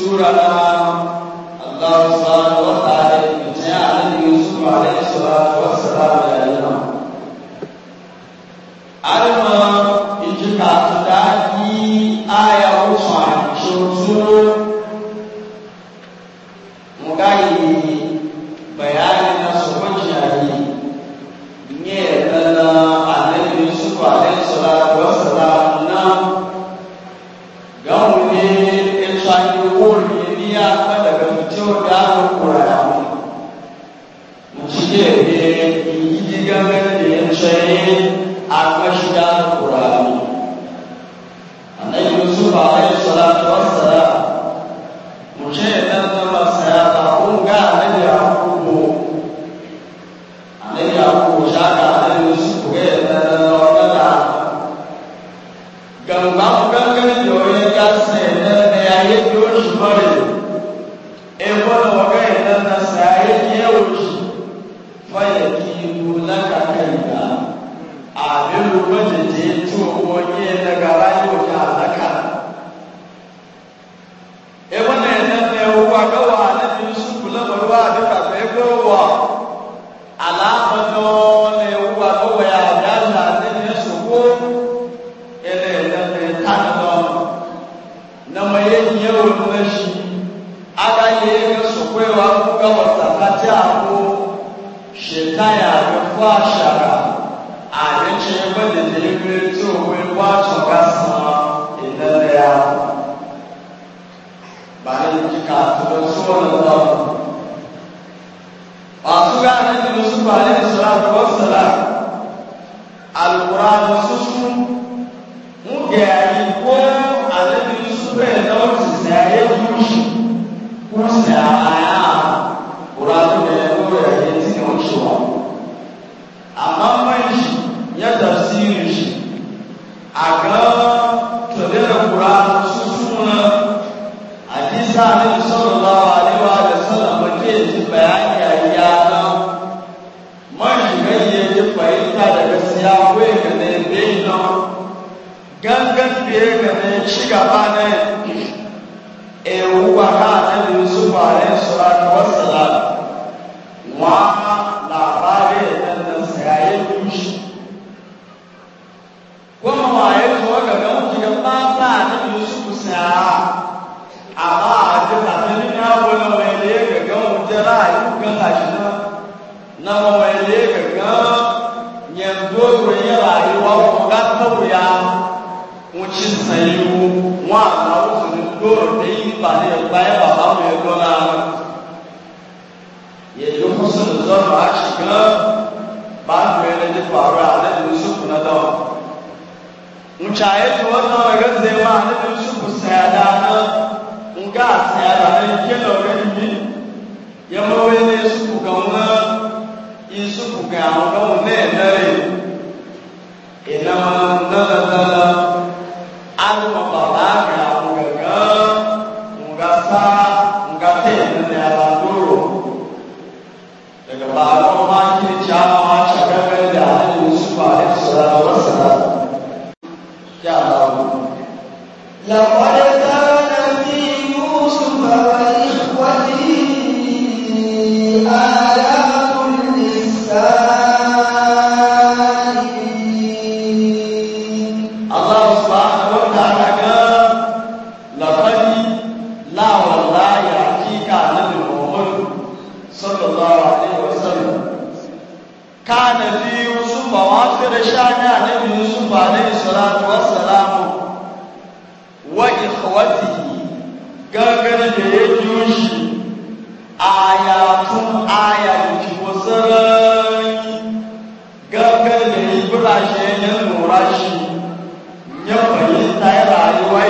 sura na Allah subhanahu wa ta'ala ne annabi Yusuf alaihi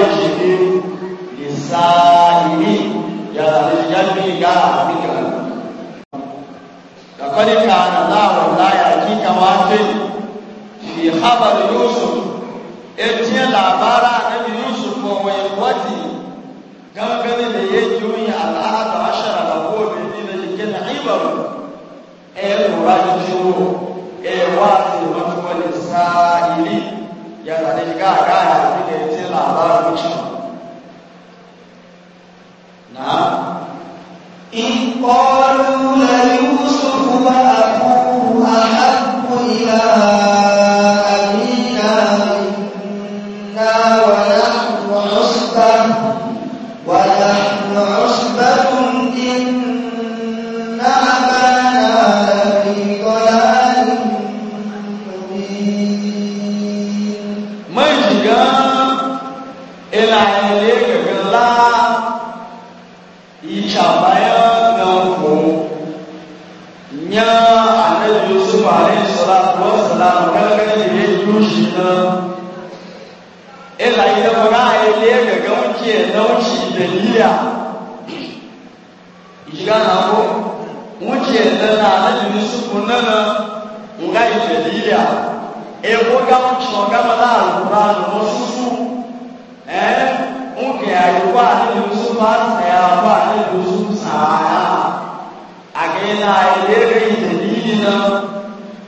واجب للسائل يا الجميع بك لقد كان الله لا يأتيك واجب في خبر يوسف اتي لابارا نبي يوسف وإخوته ganganin da ya juyi al'ada ashara da gobe ne da jikin ibar ɗaya lura da jiro ɗaya wa zai matuwa da sa'ili ya zane shiga a gaya labarin cewa na in ƙwararru na yusuf ba a nan ila ina faga ile ga que muke nauci da liya iga na ko muke nan na da ni su kunan nga ile liya e ko ga muke ga ma da alquran mo su su eh muke ayi kwa ni su ba sa ya kwa ni su sa ya agela ile ga ile liya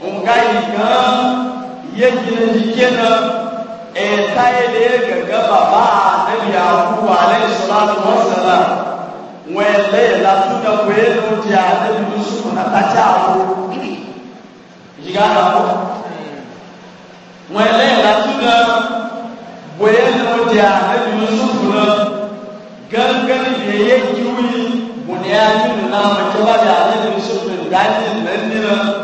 nan nga yajina jikina eh, ta yi da ya gaga baba na yaku alayhi salatu wassalam wani laila tuna kwaye nuti a na ta ci abu jiga na ku wani laila tuna kwaye nuti a nan yusuf na gangan da ya yi kiwi bunyamin na mace ba da nan na dajin nan ne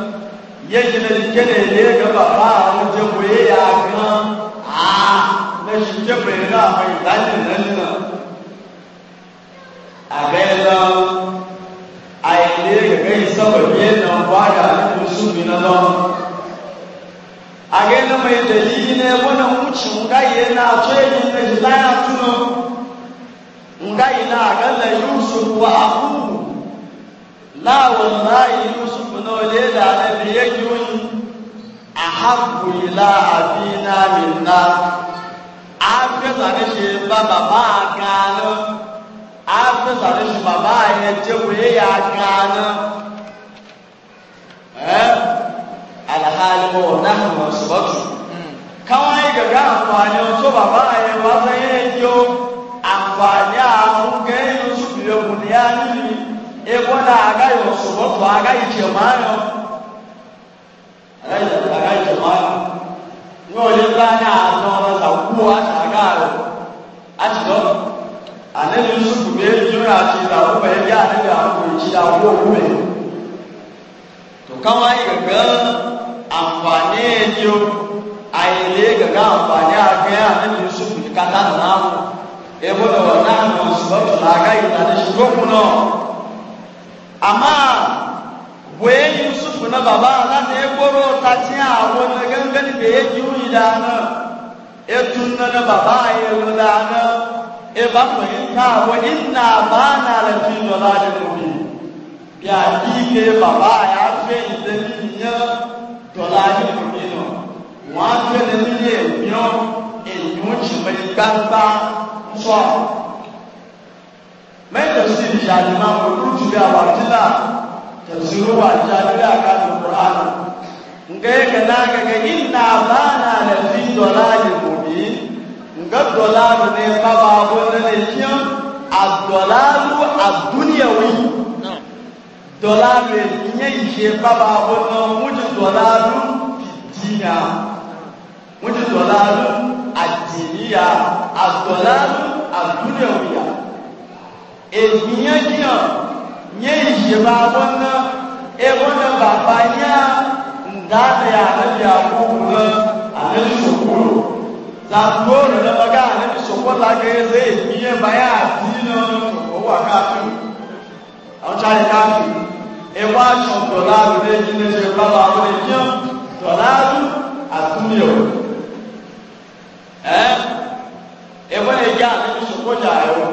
yake na jikene ne gaba ba wani jagoye ya kan a na shi jagoye na mai zanen nan nan a gaila a yadda ya gai saba biyan nan ba da su bi na nan a gaila mai dalili ne wani wuce ngaye na tsoyi na jilaya tunan ngaye na akalla yusuf wa akubu láwọn láàyè yusuf náà lè dàrẹ́ bí yéjú ní àhàbù ìlà àbí náà lè ná àfẹ́sàrí ṣe bá bàbá àkàánú àfẹ́sàrí ṣe bàbá àyẹn jẹ́wò yéyà àkàánú ẹ́ alhálíwọ̀ náà wọ́n sọ́tù káwọn yìí gàgá àǹfààní ọ̀tọ́ bàbá àyẹn wá sẹ́yìn ẹjọ́ àǹfààní àwọn gẹ́yìn yusuf yóò kù ní ebona agaghị ọsọbọtụ agaghị chemanyọ agaghị chemanyọ nye onye ndị anya anọrọza kwuo acha agaghị achịdọ anaghị nsụpụ na eju na achịda ụmụ ebe anaghị ahụ echi na agwọ omume to kama anyị gaga amfani ejo anyị na-egaga amfani aga ya anaghị nsụpụ kata na ahụ ebe na ọ naghị ọsọbọtụ na agaghị na ndị shugokwu n'ọrụ amma wayan yusufu na baba na da ya goro ta ci a wani gangan da ya ji wuri da na ya tunna na baba ya yi da na ya ba fahimta wa inna ba na lafi da ladin rubi ya yi ke baba ya fe idan ya dolari rubi no wọn fẹ ne ni ye miọ èyí wọn ti mọ ìgbàgbà sọ mai tafsir jalima ko rutu da wajila tafsiru wa jalila ka alqur'ana nga ga na ga ga inna bana la fi dalal mubin nga dalal ne baba bo ne kiyan ad-dalal ad-dunyawi dalal ne kiyan je baba bo no mutu dalal dinya mutu dalal ad-diniya ad-dalal ad-dunyawiya èyíyẹ yíyàn nyẹ ìyèmọ àwọn náà ẹwọn náà bàbá yá ndáàbẹ ànábì àwọn òwúrọ ànábì sòkòrò làbúrò rẹ lọgá ànábì sòkòrò lágẹrẹ èyíyẹ báyà àti náà owó àkáàtó àwọn sáré káàtó ẹwà sọ̀tọ̀lá àbúrò èyí ní ṣe bàbá àwọn èyíyàn tọ̀lá àtúnyẹ̀wò ẹ ẹwọn èyí ànábì sòkòrò jà ẹwọn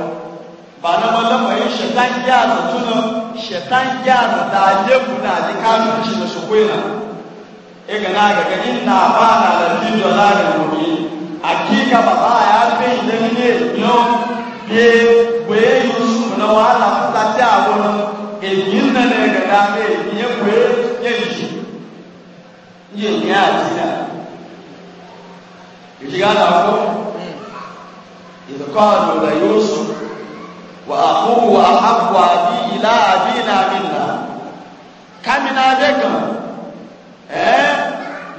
ba na malamayin shaitan gyara tuna shaitan gyara da lebu na e ji kasuwanci hmm. da su kwena iga na gaga inna ba na lalli a da gobe hakika ba ba ya fi idan ne no ne gwe yusuf na wahala kuta ta abun egin na ne ga dame ne gwe yanki yin ya jina ji gana ko إذ قالوا ليوسف وأخوه وأحب أبي إلى أبينا منا كمنا دكا eh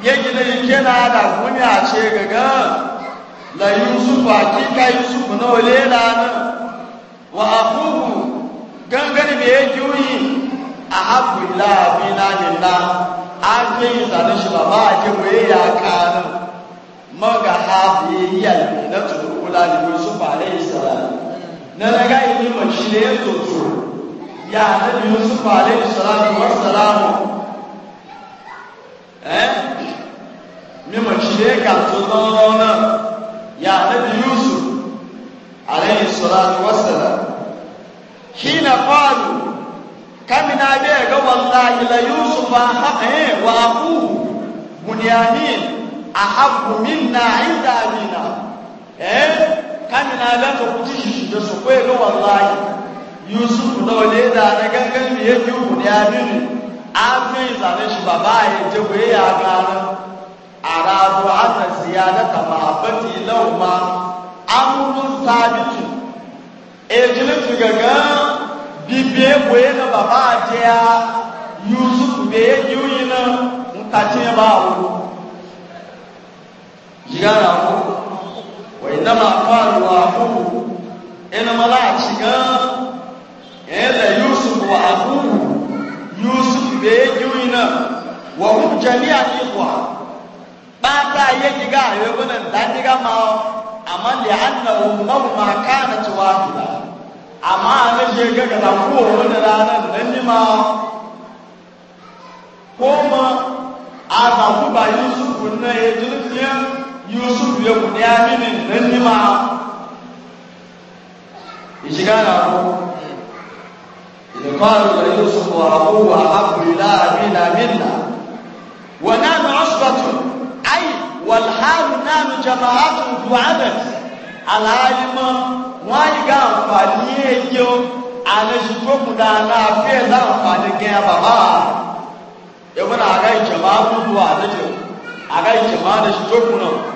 yajina yake na da kunya ce gaga la yusuf hakika yusuf na wale na nan wa akuhu gangan da ya juyi a hafu ila abina nina an yi zane shi ba ba a ke waye ya kanu maga hafi yi yalmi na turu kula da yusuf alaihi salam na na ga yi mace da ya soto ya annabi yusuf alaihi salatu wassalamu eh mi mace da ya gato zauna ya annabi yusuf alaihi salatu wassalam hina qalu kamina be ga wallahi la yusuf eh, wa aku bunyamin ahabbu minna inda amina eh kami na ga ka kuji shi da su kwaye ga wallahi yusuf na wale da na gangan me yake uku ne ya nini zane shi ba ya je kwaye ya gano a rabu ana ziyada ka ba bati lauma amurun sabitu ejilin su gaga bibiye kwaye na ba ba je ya yusuf be ya yi na mutace ba wuru jigara wuru وإنما قال وأخوه إنما لا تشكى إلا يوسف وأخوه يوسف بيجونا وهم جميعا إخوة بعد يجيغا يقول أن ذلك ما أما لأنه مهما كانت واحدة أما أنا جيغا كتفوه من رانا ننما كما أنا أبو يوسف نجد yusuf ya ku ɗaya mini nan nima ya shiga na ku idan faru da yusuf wa abu wa abu ila amina minna wa nanu asbatu ai wal halu nanu jama'atu du'adat alhalima wani ga amfani ya yi alashiko mu da na fiye za amfani gaya baba ya muna a kan jama'a mutuwa da jama'a a kan jama'a da shi to kuna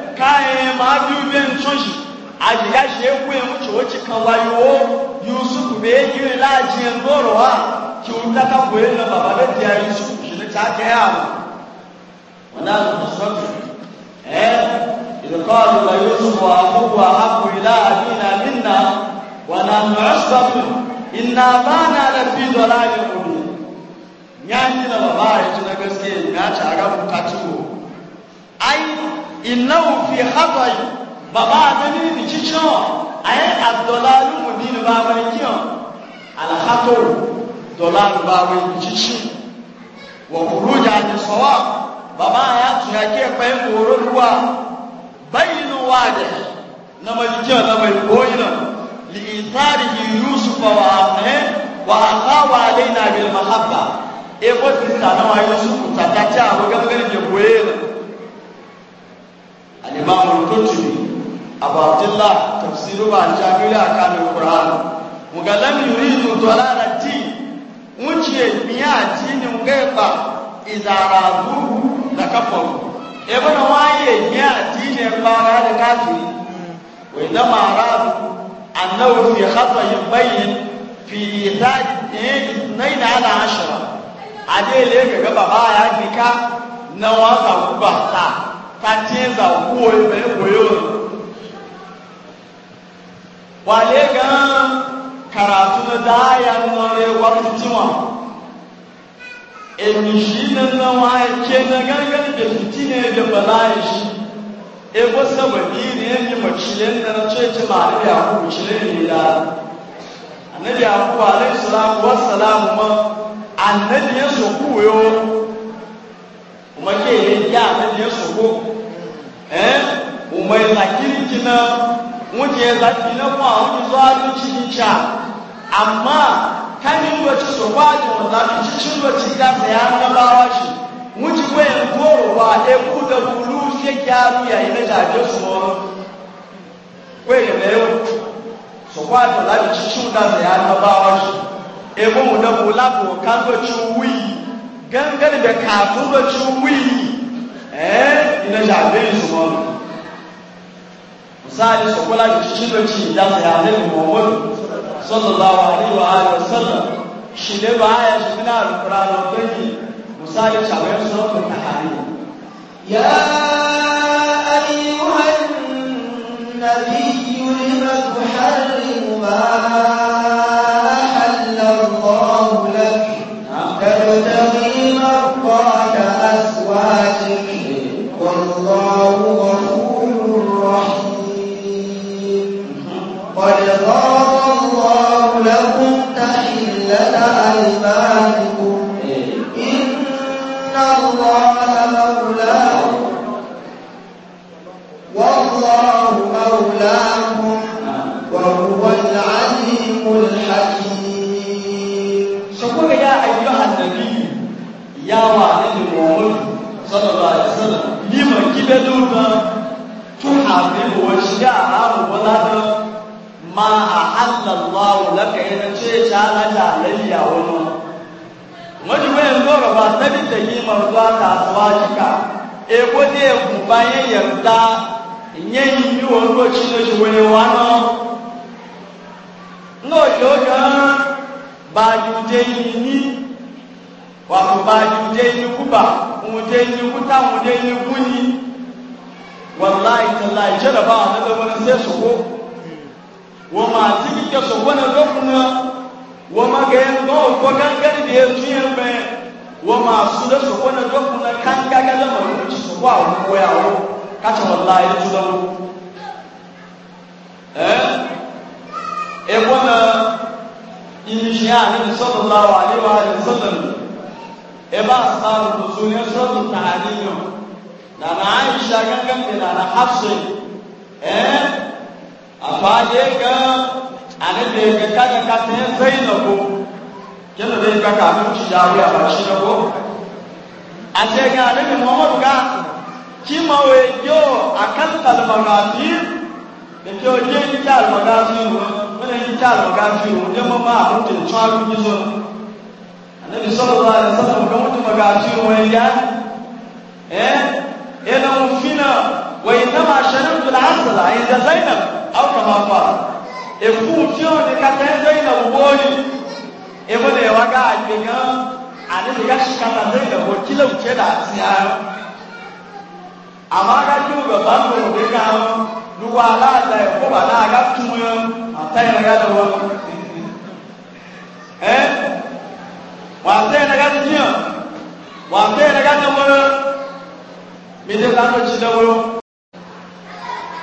kayan ma biyu biyan coci a jiya shi ya kuwa wuce wuce kan wayo yusuf bai yi lajiyar gorowa ki wuta ta kuwa na baba da diya yusuf shi na ta ta yawo wanda da musamman eh idan kawo da yusuf wa abubu wa haku ila abina minna wa na nu'asbabu inna ba na lafi dalalin kudu ya ji da baba ya ci na gaske ya ci a gabu ta ciwo ai innahu fi hatai baba adani ni chicho ay abdulalu mudin baba ni kiyo al khatu dolal baba ni chichi wa khuruj an sawab baba ya tuyake payin goro ruwa bayinu wade na majiya na mai koyina li itarihi yusufa wa eh wa akhawa alaina bil mahabba e ko tinta na wa yusufu tatata wa gamgan je koyina الإمام القرطبي أبو عبد الله تفسيره عن جميع أحكام القرآن وقال يريد ضلال الدين وجه مياه دين غيبا إذا رابوه لكفروا ابن واي مياه دين بارا لكافر وإنما رابوا أنه في خطأ يبين في إيثار اثنين على عشرة عليه ليك، بابا يا بكا نواصل بحثا katinza kuwo imekoyo wale gan karatu na daya nore wafitiwa emi shi na nawa ke na gangan da fitine da bala'i shi e ko sababi ne yake macilen da na cece ma da ya ku cire ne da annabi ya ku alaihi salatu wassalamu ma annabi ya so kuyo umarle ile ya ta ne soko eh umai la kirkina wuje la kina ko a wuje zuwa duci cha amma kanin wace soko a jin wanda duci cin wace ga ta ya na bawa shi wuje ko yan goro ba e ku da bulu ya kyaru ya ina da ga so ko ya ne soko a jin la duci cin da ya na bawa shi e mu gangan da kafin da cuwi eh ina jabe su ma misali su kula da shi da shi da ya ne Muhammad sallallahu alaihi wa alihi wasallam shi ne ba ya shi kana alqur'ani kai misali shawe su da tahari ya ayyuhan nabiyyu lima tuharrimu ma ma a halallahu laka yana ce ta halatta alayya wani wani wayan zora ba ta bi ta yi marzuwa ta tsawajika e gode ku bayan yarda yayin yi wani lokaci na shi wani wani no yoga ba juje ni wa ba juje ni kuba muje ni kuta muje ni kuni wallahi tallahi jaraba na da wani sai su ko wọ́n máa ti fi kẹsọ̀ wọ́nà lọ́kùnrin wọ́n máa gẹ̀ lọ́wọ́ kọ́ gángẹ́rì bí ẹtú yẹn bẹ́ wọ́n máa sún lẹ́sọ̀ wọ́nà lọ́kùnrin kángẹ́gẹ́ lọ́nà òun ti sọ̀kọ́ àwọn ọkọ̀ yà wọ́n káṣọ wọn la ẹtú lọ́wọ́. ẹ ẹ wọ́nà ìyìnṣẹ́ àdéhùn sọ́dọ̀ láwọ̀ àdéhùn àdéhùn sọ́dọ̀ ẹ bá sáré tuntun fade ga ane da ga kaga ka ta zainabu kina da ga ka mu ci dawo ya ba shi dawo a ce ga ane muhammadu ga ki mawe yo akan talmagati da ke oje ni ta almagati wani ni ta almagati wani ma ma abin da tsaru ni zo annabi sallallahu alaihi wasallam ga mutum magati wani ya eh ina mun fina wa inna ma shanatu al-asla inda zainab awukamapa efuutio ne katɛnzɛ yi na wowɔɔni ebo ne yɛ waga agbega ane ne yasi katɛnzɛ yi na wɔ kila wutɛ da atia ama aga yi wo bɛba no wo de ka no wa ala ada yɛ ko ba na aga tum yɛ ata yɛ na ga da wɔ ɛ wa ata yɛ na ga tiɛ wa ata na ga da wɔ mi de la no tsi da wɔ.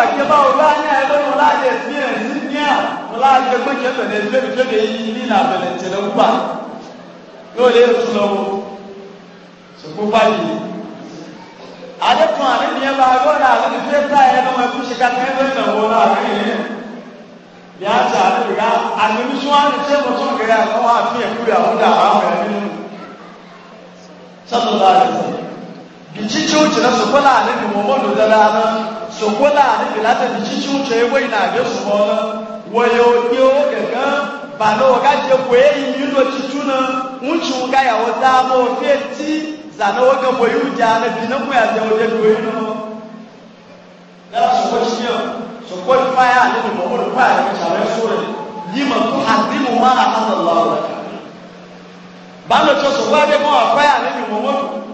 bàjẹ́ bá wò láàyè ẹgbẹ́ wọn láàyè ẹ̀sìn ẹ̀sìn ní à wọn láàyè ẹgbẹ́ kẹfẹ́ ní ẹgbẹ́ mi fẹ́ẹ́ yí ní ìlàbẹ̀lẹ̀ tẹ̀lẹ̀ wúpa yóò lé tún lọ́wọ́ ṣùgbọ́n báyìí. adékun àlẹ́ nìyẹn bá gbọ́dọ̀ àlẹ́ ìfẹ́ tá ẹ̀ lọ́wọ́ ẹkú ṣe kàtà ẹgbẹ́ ìdánwò láàrin yẹn. bí a ṣe àlẹ́ ìyá àlẹ́ mi sún àlẹ́ tẹ́ mọ̀ sún kẹrẹ́ àkọ́wọ́ àfihàn kúrẹ́ àwọn bichichi uche na sokola ani bi mo mo dala na sokola ani bi lati bichichi uche ewe ina age sumo na woyo ye o gangan bana o ga je ko eyi ni lo chichu na nchu ga ya o da mo fe ti zana o ga mo yu ja na bi na ko ya je o je ko eyi no na sokoli yo sokoli fire ani bi mo mo lo fire ni chale sure yi ma ku hadimu ma Allah bana cho sokwa de mo fire ani bi mo mo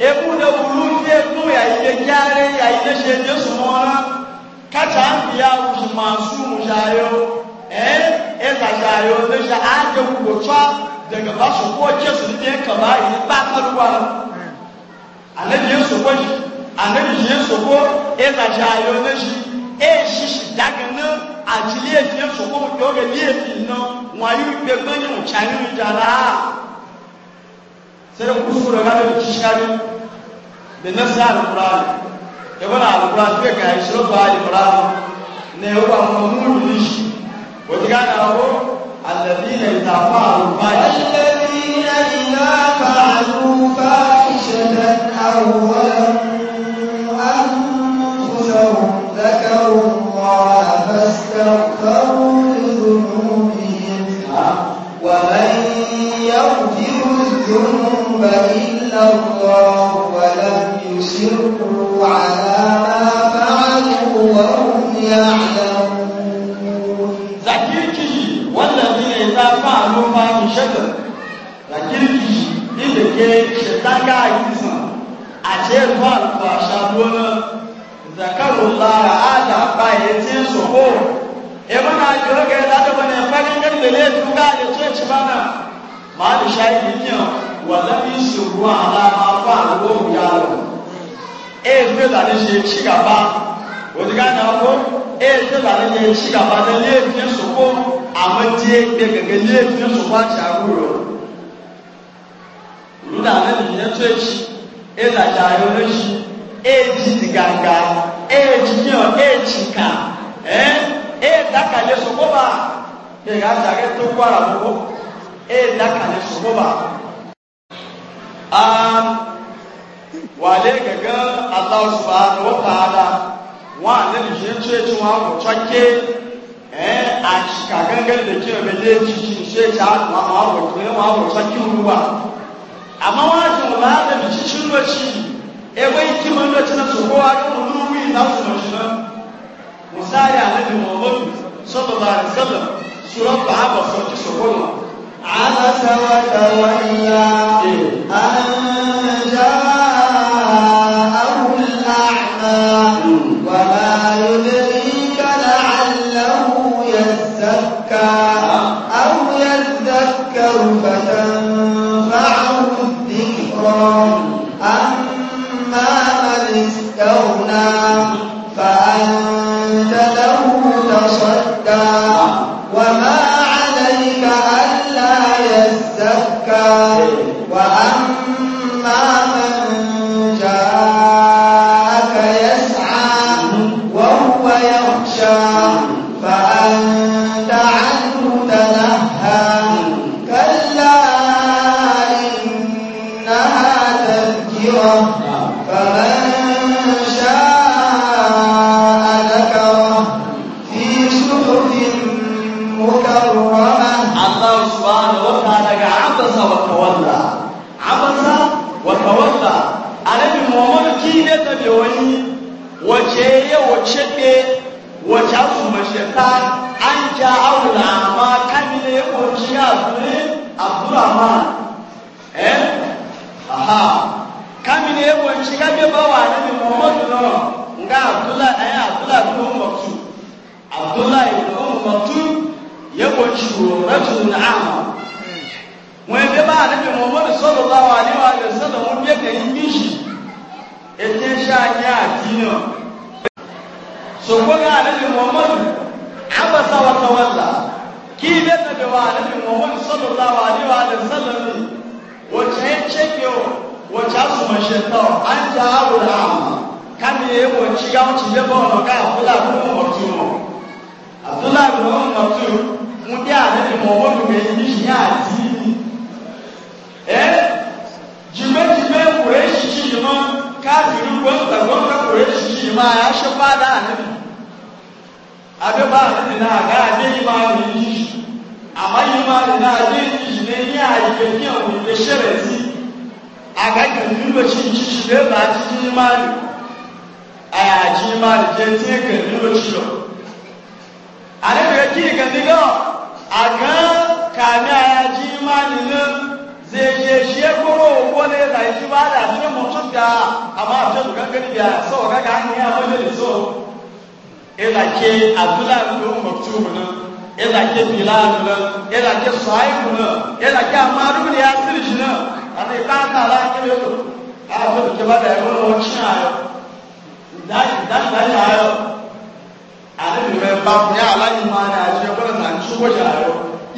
ebu da bulu je to ya ile gyare ya ile she je su mona kacha ya usu masu mujayo eh esa jayo ne sha aje ku twa daga ba su ko ce su ne ka ba yi ba karuwa annabi yesu ko shi annabi yesu ko esa jayo ne shi e shi shi daga na ajili yesu ko ko ga liye fi no wa yu pe gbanyu chayu jara sai kusura ga da kishari da nasa alquran ya bana alquran ke ga shi ba alquran ne wa mamulu shi wata ga da ko alladina yatafaru ba الغيب إلا الله ولم يسروا على ما فعلوا وهم يعلمون ذكركي والذين إذا فعلوا فاحشة ذكركي إذا كان شتاكا عيسى أجل فالفاشا دون ذكروا الله على فايتين سقوط ebe na ake oge da adaba na efe gangan da ne tuga da ce ci mana ma da shayi bikin wàlẹ́bí ṣòro àlá apá àlọ́ òyà rẹ̀ èèdè ìlànà ṣe ṣìkàbá òdìgá ní akó èèdè ìlànà ṣe ṣìkàbá ní léèdè sòkó àwọn tí èèdè gẹ̀gẹ̀ léèdè sòkó àti àwùrọ̀ lúdà lẹ́nu ìyẹn tó èṣì èèdè àjà ayọ̀ lẹ́ṣì èèdì ìgàgà èèdì yàn èèdì kà èèdè àkàlẹ̀ sòkó bá gẹ̀gẹ̀ àjà kẹ́tọ́ kó àràbọ̀ èèdè àkàlẹ̀ sòkó bá. Um, wale gaga Allah subhanahu wa ta'ala wa nan shi ce ci wa mu cakke eh a cika gangan da ke me je ci ci ce ci a ma ma wa ko ma wa cakke ruwa amma wa ji mu na da ci shi ruwa ci e wai ki mun da tana so kowa da mu ruwi na su mun shi musali annabi Muhammad sallallahu alaihi wasallam sura ba ba so ci so kowa عبس وتولى أن جاء mini ebo nchiga bi ba wa ne bi muhammadu nɔrɔ nga abdullahi ɛyɛ abdullahi ibn umu maktu abdullahi ibn umu maktu yɛ bo nchiwo rɛtu na ama wɔn ebi ba ne muhammadu sɔlɔ ba wa ne wa yɛ sɔlɔ mo bie ka yi bi nyi ete nhyɛ anya ne muhammadu abasa wa tawalla kii bɛ na bi wa ne muhammadu sɔlɔ ba wa ne wa yɛ sɔlɔ mi wọ̀chá sùmọ̀ṣẹ̀ tọ̀ á ń jẹ́ àwòrán àmà kámi èèwọ̀ ṣígá ń ṣiṣẹ́ bọ́ ọ̀nà ká àbúlà fún ọ̀tún wọn àbúlà fún ọ̀tún mú bí ààrẹ ni mọ̀ wọ́n lùmẹ̀ yìí ṣì ní àti yìí ẹ́ jìmẹ́jìmẹ́ kùrẹ́ ṣíṣí yìí mọ́ káàkiri gbọ́ǹgbà kùrẹ́ ṣíṣí yìí mọ́ àyàṣẹ́ fádà ànẹ́bì abẹ́bá ànẹ́bì náà ká àdé yìí máa rìn yìí àmáyé máa rìn náà àdé yìí ní àyè ní ọ̀nà ìgbésẹ̀rẹ̀ sí agaghị n'ụbọchị nchichi na-ebe achịchị mmadụ ayachi mmadụ jee tinye ka n'ụbọchị yọ anaghị eke ike ndị aga ka anyị ayachi mmadụ na zejeshi ekworo ụgwọ na ịda iji ba ada achị mụtụ ga ama achọtụ ka nkiri bịa sọ ọga ka ahịhịa abụghị nso ịda ke abụla nke ụmụtụ ụmụnụ ịda ke bilal nụ ịda ke sọ anyị nụ ke amadụ ya siri ji ana ìkáàtà aláàkiri ó àwọn òkè bá bẹ̀rẹ̀ wọn lọ kí ayọ ìdájìdájìdájì ayọ àdébìrẹ bá fún yà aláàjì máa ní àjẹ ọgbọ́n náà ní ṣùgbọ́n ayọ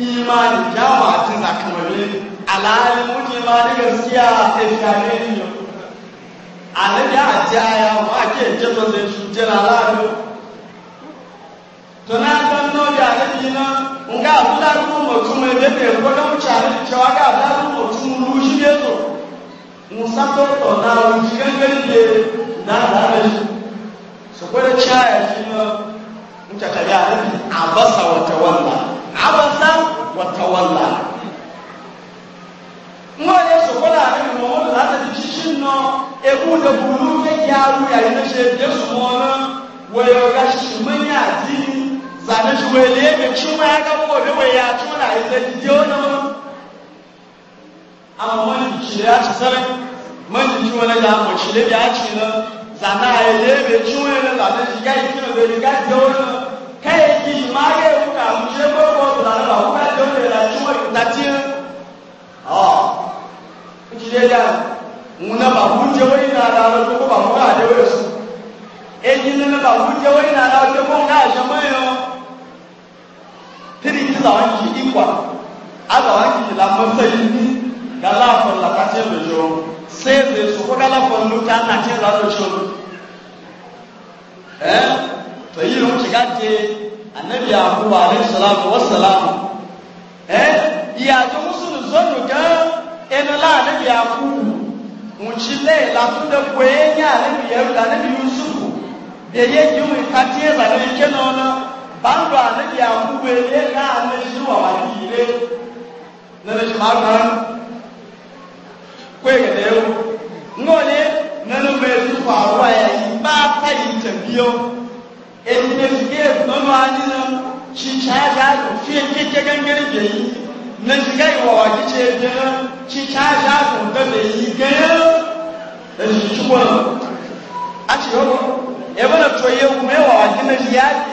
ìmọ̀ ìjáwọ̀ àti ìsàkàwẹ̀lẹ́ aláàlì mú kí máa ní gẹ̀ẹ́sì àtẹ̀fẹ̀ ayé nìyọ àdébìrẹ àti ayọ wọn àti ìjẹ́ tó ṣe jẹ́ aláàlú. tona ta ya ne ni na nga abula ku mo tu de de ko na cha ne cha ga mo shi de to musa to to na lu shi na na ne so ko da cha ya shi na mu cha ka abasa wa abasa wa tawalla mo so ko ne mo mo ta ji ya ya ne ya zane shi wai da yake cuma ya ga gobe wai ya tuna ya zai je wani wani amma wani shi ya ci sarai man ji wani da mu shi da ya ci na zana ya lebe cuma ya zane shi ga yi da ya ga je wani kai yi ma ga yi kuka mu je ko ko zane ba kuka je wani da cuma da ci ah kuci da ya muna na ba ku je wani na da ko ba mu ga da wani su eji nínú bàbá jẹ́ wọ́n ní àdáwọ̀ tó kó ń ká àṣẹ mọ́ ẹ̀yọ́ tiri ti la wanki ikwa aga wanki la ni ga lafon la kace da jo sai zai su ko ga lafon luta na ce za su shi eh to yi mun shiga ce annabi yakubu alaihi salatu wassalam eh iya to musu zonu ga ena la annabi yakubu mun ci le la tun da koyen ya annabi yakubu annabi yusuf da yake mun kace za ne kenan bando anabi amubele na anajiwa waliile nanajimaka kwegedewo ngone nanomezu kwawa yaibata yitabiyo etinezige nono anina chichaja fie kekegengere byeyi najigayiwa wakichejera chichaja kundabeyi geyo ezichubona achiyono ebona toye kumewa wakinajiyaki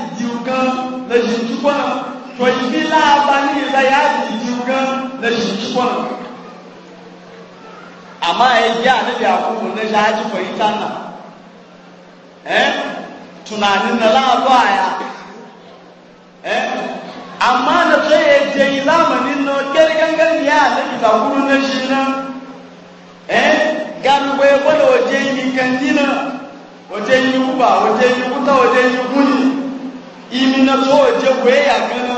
gan le zitsu gbɔna la ba ni la ya zitsu gan le zitsu gbɔna ama edze ale bi ako mo ne ya dzi fɔ yita na ɛ tuna ni na la do aya ɛ ama ne tɔ ye dze yi la ma ni nɔ kele kankan ya ale bi ta kuru ne zi na ɛ ganugbɛ bɔle o dze yi kanti na o dze yi kuba o dze yi kuta o dze yi kuni. imina na so je wee ya gana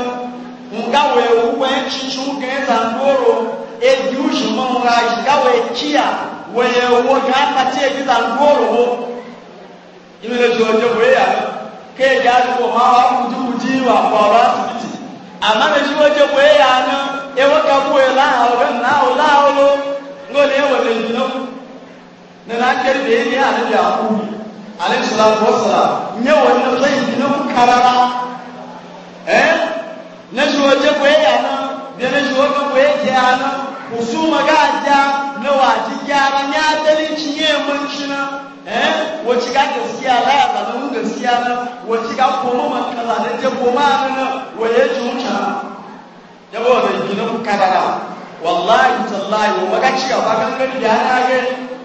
nga wee wuwe nchichu nke nza ndoro eji ushi mọnra ga wee kia wee wo ga akpati eji za ndoro wo imi na wee ya ke eji ma ji wee ya na ewe e ele na na ewere na na ha alaihi salatu wassalam nye wannan zai yi na karara eh na shi waje ko yayi nan da na shi waje ko yayi nan husuma ga ja na waji gyara ya dalinci ne mun shi na eh wace ga gaskiya la ya ba mun gaskiya na wace ga koma man kaza na je koma na waye juta yabo da gina karara wallahi tallahi wa magaci a bakan gari da ya rage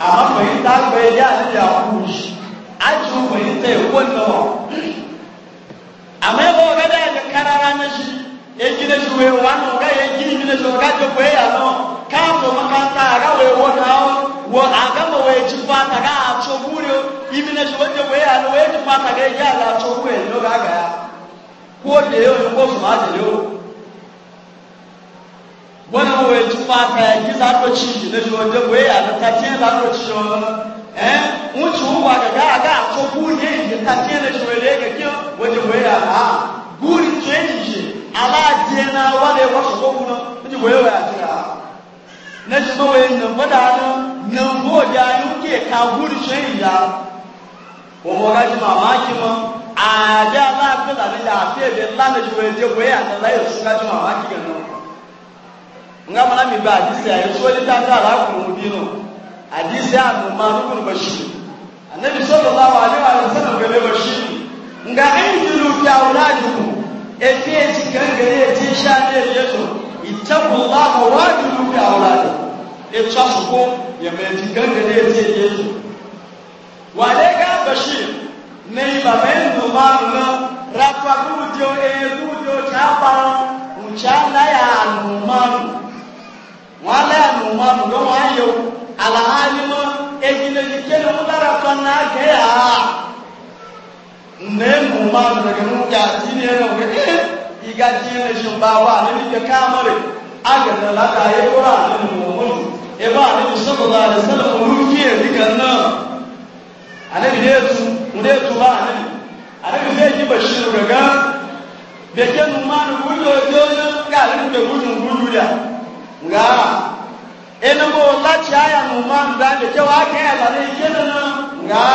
amma fahimta bai ya ne da ku shi ajin fahimta ya wanda wa amma ba ga da ya karara na shi ya gina shi wai wani ga ya gina gina shi ga ta koyi ya zama ka to makanta ga wai wata wa a gama wai ji fata ga a co buriyo ibina shi wanda koyi ya zama wai ji fata ga ya la co buriyo ga ga ko da wannan wai tufa ta yi za ta ci na jiwon da wai a ta ce za ta ci wa eh mun ci wa ga ga ga ko buje da ta ce na jiwon da ga guri ce ji ala je na wa da wa ko kuma ji wai wai a ji a na ji ba wai nan ba da nan nan go da yi ke ka guri ce ji da wa mo ga ji mamaki ma a da za ta da ya fe da lana jiwon da wai a da lai su ga ji mamaki ga nan nga mana mi ba hadisi a yaso ni ta ta alakun mu dino hadisi a mu ma nukun bashi annabi sallallahu alaihi wa sallam gale bashi nga injilu fi auladikum efi eti gangare eti shane yeto ittaqullaha wajilu fi auladikum etu asuko ya me eti gangare eti yeto wale ga bashi ne ba men do e ma na rafa kujo e kujo chapa mchana ya anumanu wala ya noma mu don wa yau alhalima e gina jike da mutara fanna ga ya ne noma mu daga mu ga jini yana ga eh iga jini shi ba wa ne ni ka kamare aga da lada ya kura ne mu mu e ba ne su ko da sallallahu alaihi wasallam rukiye dikan nan annabi ne su ne su ba annabi annabi zai ji bashir daga da ke noma mu gudu jojo ga ne da gudun gudu da nga ene mo la chaya no man da de ke wa ke la ne ke no no nga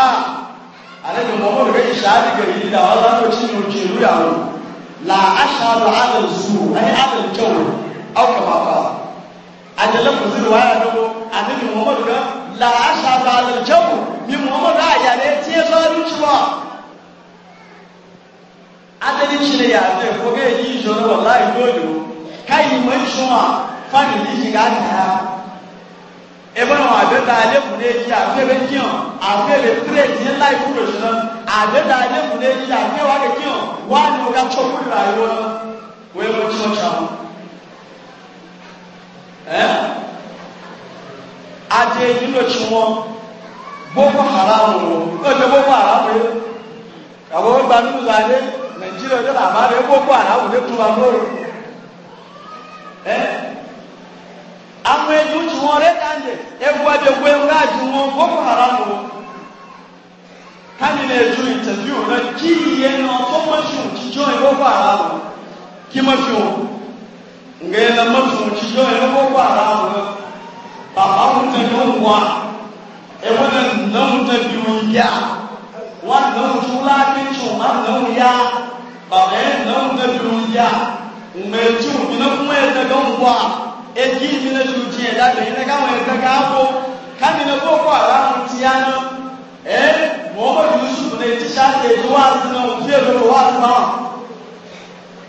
ale de mo mo ke sha de ke ni da wala no chi no chi ru ya wo la ashhadu ala zu ay ala jaw aw kama qala ajalla ko zuru wa no anabi muhammad ga la ashhadu ala jaw mi muhammad da ya ne ti zo ru chuwa adali shi ne ya ne ko ga yi jona wallahi dole kai mun shuwa fámìlì yìí ká nìyà ẹgbẹ́ wọn àbẹ́ta alẹ́kùn lẹ́yìn àbẹ́bẹ́ kíọ̀ àbẹ́bẹ́ tírèdì ńlá ìkúrò ṣùgbọ́n àbẹ́ta alẹ́kùn lẹ́yìn àbẹ́wà kíọ̀ wà ní ọ̀gá tó kúrò àìwọ́ wọ́n yẹ kó tí wọ́n ṣàwọn. adé nílò tí wọ́n boko haram wọ́n ó jẹ́ boko haram rẹ̀ àwọn ọgbà nínú ìlànà nàìjíríà ọjọ́ làbá rẹ̀ boko haram rẹ̀ kúrò àwọn ọ̀rọ̀ àwọn ẹ̀dùn jù wọn rẹ̀ dáńdẹ̀ ẹ̀fọ́ àjẹkù ẹ̀wọ́n àjù wọn boko haram wọn. kánìlẹ̀ ẹ̀dùn ìtẹ̀bí òun náà kí ìyẹn náà tó mọ̀ sí òun jíjọ́ ẹ̀ boko haram wọn kí mọ̀ sí òun ǹgẹ̀ ẹ̀ lọ́mọ̀ sí òun jíjọ́ ẹ̀ boko haram wọn. bàbá wọn tẹ̀ ló ń wá ẹ̀wọ́n náà náà wọn wọn yá wọn náà wọn láàbí tún wọn náà yá bàbá eji e, e mi na ju tiɛ da bɛn ne ka wɔn ɛfɛ k'a fɔ kami na kó kó ara ŋu tia nɔ ɛ mɔmɔ yusuf na eti sa ti na o fie lolo wa ti ba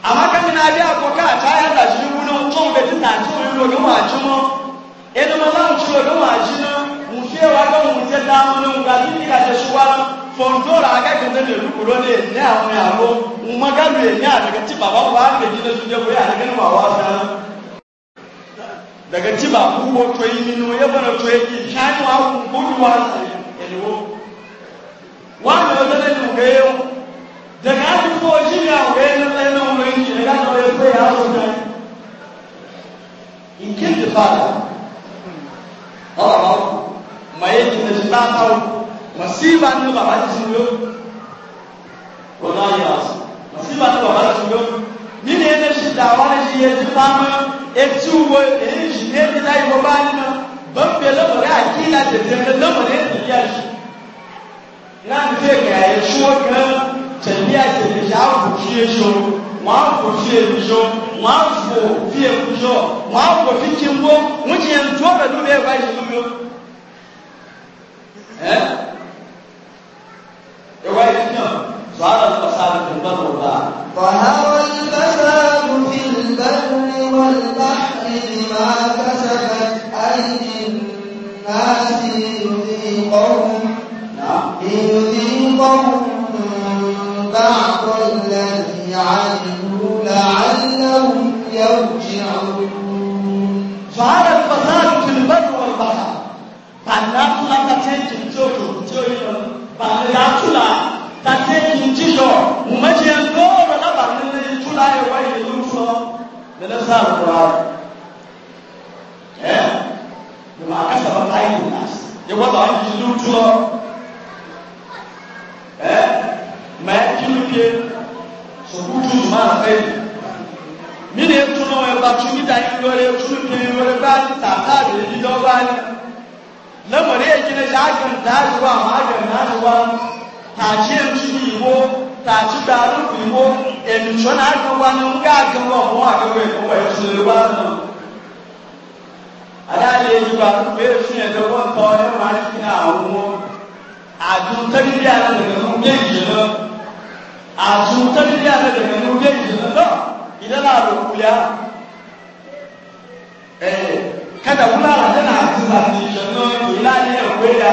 na adi ya da ju wu na tó bɛ ti na tó lolo ke wa ju mɔ enuma la ŋu tsi o ke wa ju na ŋu fie wa ke ŋu tse da ŋu na ŋu ka ti ti ka la aka kete ne lu kolo ne ne awon ya lo baba wa a ti ke di daga ti ba kubo to yi minu ya bana to yi shani wa ku gudu wa sai elwo wa ne da ne mu ga yau daga ku ko shi ya ga ne da ne mu yi ne ga to ya ya so da in kin da fara Allah ba maye ki da ta ta masiba ne ba ba shi yo wallahi ya masiba ne ba ba shi yo mini ene shi dawa na shi yeti tama eti uwe ene shi neti na ibo bani na ban bela bari aki na tete na nama ne eti ya shi na nfe ga ya shi wa ka tabi a tete shi a fushi ya shi wa a fushi ya shi wa a fu fi ya fushi wa a fu fi kin bo wuce yan tuwa ka dube ya ba shi dube eh ya ba shi nan ظهر الفساد في البر والبحر ظهر الفساد في البر والبحر بما كسبت أيدي الناس ليذيقهم ليذيقهم بعض الذي عملوا لعلهم يرجعون ظهر الفساد في البر والبحر فالناس لا تتجه تجوه تجوه فالناس لا tate kinjito umaje ndoro labarin ne tula ya waye luso da na sa alqur'an eh kuma aka saba bayin nas ya wada an ji luto eh ma kiluke so kutu ma kai mini etuno e ba tumi da yin lore tumi lore ba ti ta ta de di do ba ni lamare ya kina jagan dajuwa magan dajuwa tààtì ẹnusùn ìwó tààtì gbàlùkù ìwó ẹnusùn náà gbogbo àwọn ọmọdé àgbẹwò ọmọ àgbẹwò ìfowó ẹsùn ìwá nù. adáyé ìlú àkùkù èéfín ẹ̀dọ́gbọ́ ńkọ ẹ̀ máa ń fi àwọn ọmọ àdùn tẹ́lifí àlẹ́dẹ̀gbẹ̀rún méjì lọ àdùn tẹ́lifí àlẹ́dẹ̀gbẹ̀rún méjì lọ ìdẹ́nà àlòkù yá ẹ̀ẹ́d kada kula da tana zuwa ya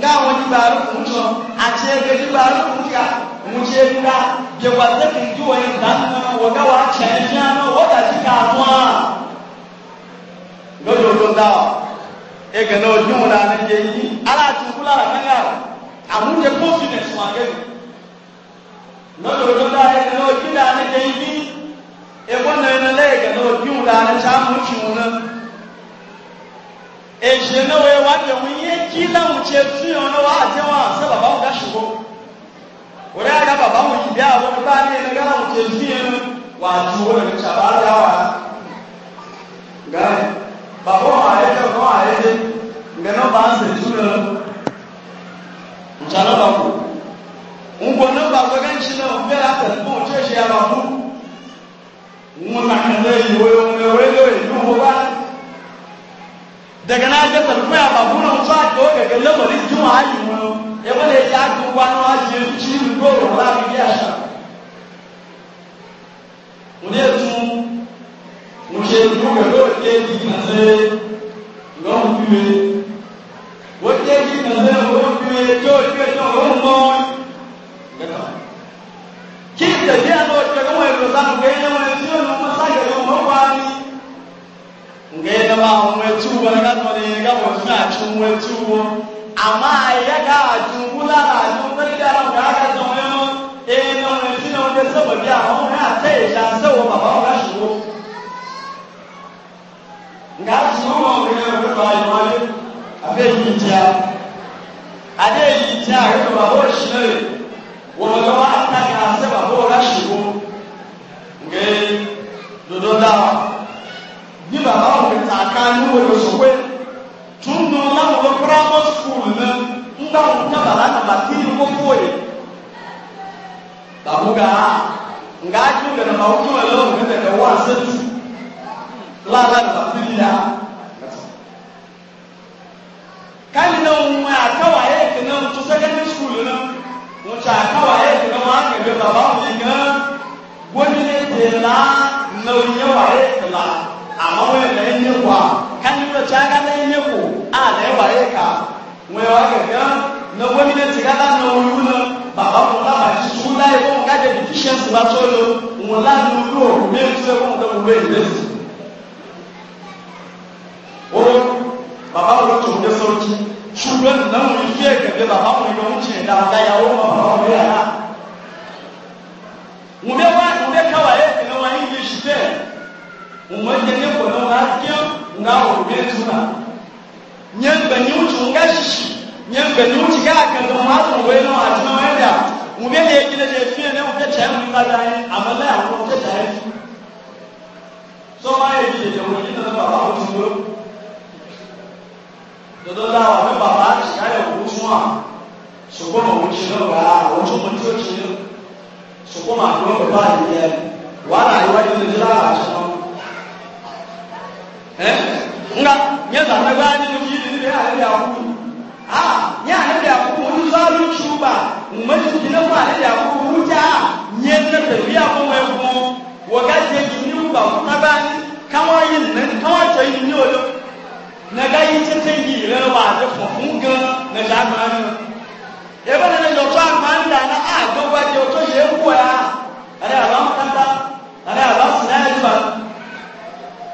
nga àwọn dìbàrú kùn sọ àti ẹgbẹ dìbàrú kùn ká òun ṣe é ká yẹwà sẹkùn tí wọn yẹn dá nínú wọn ká wàá tẹ ẹ ní àná wọn kà sí ká fún wa. lọ́dọ̀ ló dá ọ ẹgbẹ́ náà ojú wọn náà ní yẹn yìí aláàtì ń kúlára kángá àmújẹ confidence wọn akẹ́kọ̀ọ́ lọ́dọ̀ ló dá ẹgbẹ́ náà ojú náà ní yẹn yìí ẹgbọ́n náà ẹgbẹ́ náà ojú wọn náà ní sáà mú èyí náà wọ́n wá ní òun yé kí láwọn tiẹ̀ tún yàn náà wá àti wọn àti bàbá wọn dá ṣùgbọ́n wọ́n yá ká bàbá wọn yìí bí àwọn bá ní ẹni ká láwọn tiẹ̀ tún yàn wà á ju wọn ní sàbá dá wà. nga bàbá wọn àyè dé wọn àyè dé nga náà bá ń sè tún lọ nsàlọ́ bá kú ngbọ náà bá gbẹ́gẹ́ ń ṣe náà wọ́n bẹ́ẹ̀ láti fún òṣèṣe àbàkú wọn nàkàndé ìwé òun ẹ̀wẹ́ lórí ìlú wọn daga na ga tarko ya ba kuna wasu a ko ga galla ba rin juma ayi mu ya bane ya ga a je ci ni ko ro la bi ya sha mu ne tu mu je ku ga ko ke di na se ga mu bi me wo ke di na se wo bi me to ke ni ngena mahumwetubo nakatolega mwetunyachumwetubo amaye gajungula gajungulilaraugakazomweno eno mwetinondesebo byaho ngateishansewo babaho gashubo ngazumongeleokubayoyo abeyitya adeyitya eno bahoshinoyo wonowa atakase babaho gashubo nge dododawa ní bàbá òun kàkà níwèé lọ́sọ̀wé tún nù láwọn lọ pírámọ̀ skul náà ń bá òun kábàlá nàbà tí ní kókó yìí. Bàbá ga nga ájú lẹ́nu bá òun kíwèé lọ́wọ́ òun tẹ̀lé wọ́n àṣẹ́tù láàlá nàbà tí ní yá. Káyì náà òun àkáwà yẹ kì náà tún sẹ́kẹ́ndì skul náà òun kì àkáwà yẹ kì náà wọ́n á kẹ̀lé bàbá òun yìí gan gbóni lè tẹ̀lá náà òun yẹ wà yẹ tẹ̀lá àmọ́ wọ́n lẹ́ ní wà kánìlò tí a ká lẹ́ ní kù á lẹ́ wà yẹ ká wọ́n yẹ wà kẹ̀kẹ́ ní gómìnà tí ká lánà olú lọ bàbá wọn lábà tí sùn láyé wọn ká jẹ bìtì ṣe ń sùnmá tó lọ wọn lánà olú òkú bí ẹni sẹ wọn kẹwọn lóye lẹsì. o bàbá wọn tó ń dé sọ́ọ́tì ṣùgbọ́n nínú àwọn ìfẹ́ kẹ̀kẹ́ bàbá wọn yọ ń tiẹ̀ dáadáa yà wọ́n bàbá wọn yà á. wọn bẹ wá wọn bẹ káwáyé ìnáwó ayé ń yé umoja nyembo na unakyo ngao ubezuna nyembe nyuchi ungashishi nyembe nyuchi kaka ndo mwazo weno atina wenda umebe yekine jefie ne umbe chayo mbadani amala ya umbe chayo so maye jide jamu jina na baba utuwe dodo da wa me baba shikaya ukusuma sokoma ukino wa utuwe utuwe utuwe sokoma akwe mbadani wala iwa jide jila wa chino Eh? nga nye zame e ba ni mu yi ni be ale ya ku a nye ale ya ku mu za lu chu ba mu ji ji na ba ale ya ku mu ja nye na be bi a mu we wo ga je ji ni ba ku na ba ni ka wa yi ni ka wa je yi ni o lo na ga yi che che yi le wa de fo fun gan na ja ma ni e ba na yo to a ma nda na a do wa je o to je ku ya ale ala mu ta ta ale ala sinai ba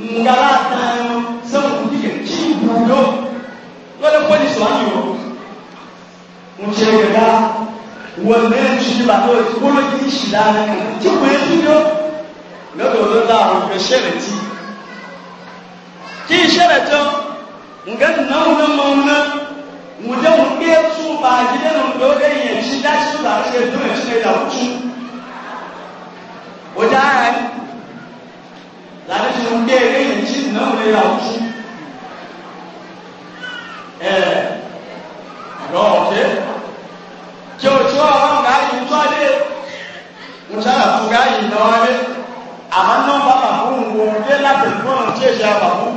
ngala tanu sɛmu kutike kii buudo wale kɔli sɔɔni o ŋutsu yɛ gaa wɔ mɛn tsi ba ko kolo yi si la ne kan ti ko yɛ ti do ne ko do la o fɛ sɛ lɛ ti kii sɛ lɛ tɔ nga naw ne mɔw ne ŋudɛ ŋu kpe tu baaji ne ŋu do ke yɛ tsi da tsi la se do yɛ tsi ne ya o tu o da yɛ láti ṣe ń gbé eré yìí tí náà lè ra ojú ẹ àlọ́ ọ̀tẹ́ kí o tí wọ́n wọ́n gá yìí tó adé mo sára tó gá yìí náà wá dé àmọ́ náà bá bà fún un wò dé láti fún un tí èsì àbà fún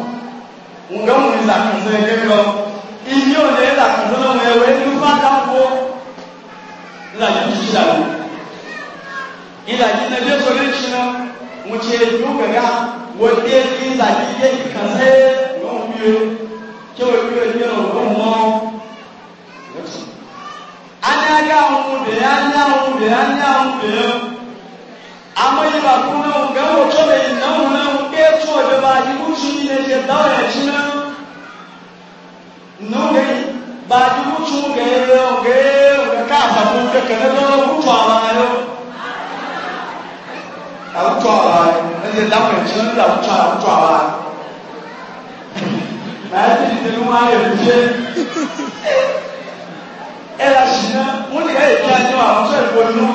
un gbé wọn ìlàkùnso ẹgbẹ́ wọ́n dé ní ìdàgídé ìkànsẹ́ wọ́n fi o kí wọ́n fi o ní ọ̀rọ̀ mọ́. Anyáká ọ̀hún bẹ̀ anyá ọ̀hún bẹ̀ anyá ọ̀hún bẹ̀ amáyébà fún náà gbẹ́ àwùjọ àwa ẹni láwọn ẹ̀jẹ̀ ń là wùjọ àwùjọ àwa. Màá ti di tẹ̀lé wọn ayọ̀ lóye. Ẹ la ṣì ná, wọ́n lè ẹ̀ jẹ́ àjọ àwọn tó ẹ̀kọ́ nù.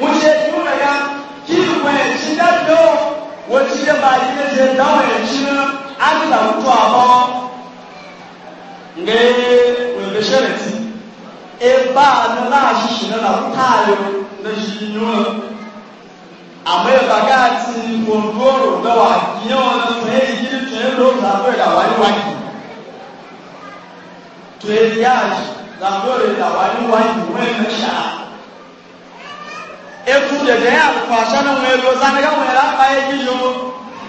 Wọ́n ṣe ìlú rẹ̀ ya kí ìwọ̀n ẹ̀jẹ̀ dájọ́ wọ́n ti yẹ báyìí lẹ́sẹ̀ dáwọn ẹ̀jẹ̀ àmọ́ ìbàgá àti kòǹgóòrò lọ́wọ́ àkíyàn ọ̀nà tó yẹ kí tó yẹ ló làbọ̀ ìdà wáyíwáyí tó yẹ kí àjì làbọ̀ ìdà wáyíwáyí wọ́n ẹ̀ ṣá. eku dẹdẹ àlùkò àṣà náà wọn èrò sani káwọn ẹ̀rọ apá yẹ kí yòó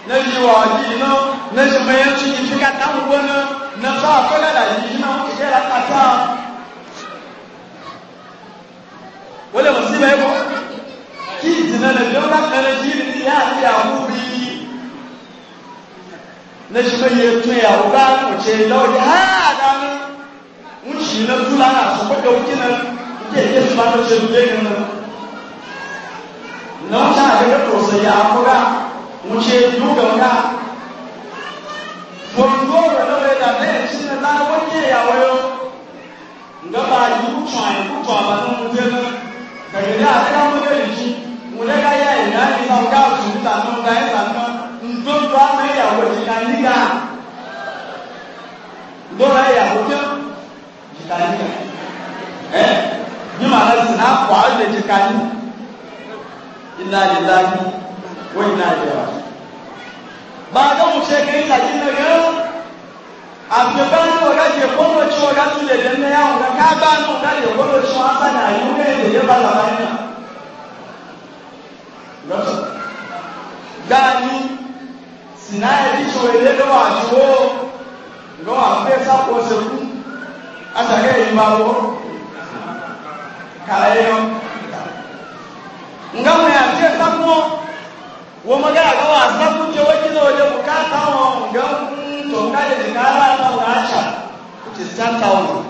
lẹ́yìn wà ọ̀jì iná lẹ́yìn mọ yẹn tún ìfi kàtà wọn wọn náà nàfà àkọlẹ́dà yìí iná wọn kìí yẹra kàtà. wọ́n lè wọ́n sí bẹ́ẹ̀ bọ́ nana bɛn ka kana yiri ni y'a fi a k'u bi ne si ma ye tun ye a ko k'a kun la o de haa daa ni n si na tu la k'a sɔgɔ dɔw ti na n tɛ ye suma dɔ se bilen kan na n'aw ta a kɛ kɔlɔsi ye a ko ka n cɛ du kan ka fɔ n t'o yɛrɛ da ne yɛrɛ na taa ko n ye yawo ye n ka baa yi ku tɔn ye ku tɔn a ba n'o tɛ na ka yɛlɛ a kɛ ka mɔgɔ yɛrɛ si kulega ya ina ina uga kuzuta nunga esa nunga ndondo ama ya wajika niga ndondo ya hoja jika niga eh nyuma na sina kwa ale jika niga inna lillahi wa inna ilaihi raji'un baada msheke ila jina yao afyebana wakati ekono chuo kasi lelene yao kakabana wakati ekono chuo hasa na yunge lelebala bana lọ́sọ̀ gáàní sinayẹ tíṣọ ilé lọ́wọ́ àtiwó lọ́wọ́ àfẹ́ sápò ṣekú àtàkẹ́ yìí máa wọ́ kàlẹ́yọ. nga mwe àti ẹ̀sápò wọ́n mọ́ gáà lọ́wọ́ àsápò jẹ́ wọ́n kílẹ̀ ọjọ́ bùkátà wọn ǹgá ń tó ń káyọ̀ ní káyọ̀ àtàwọn àṣà which is ten thousand.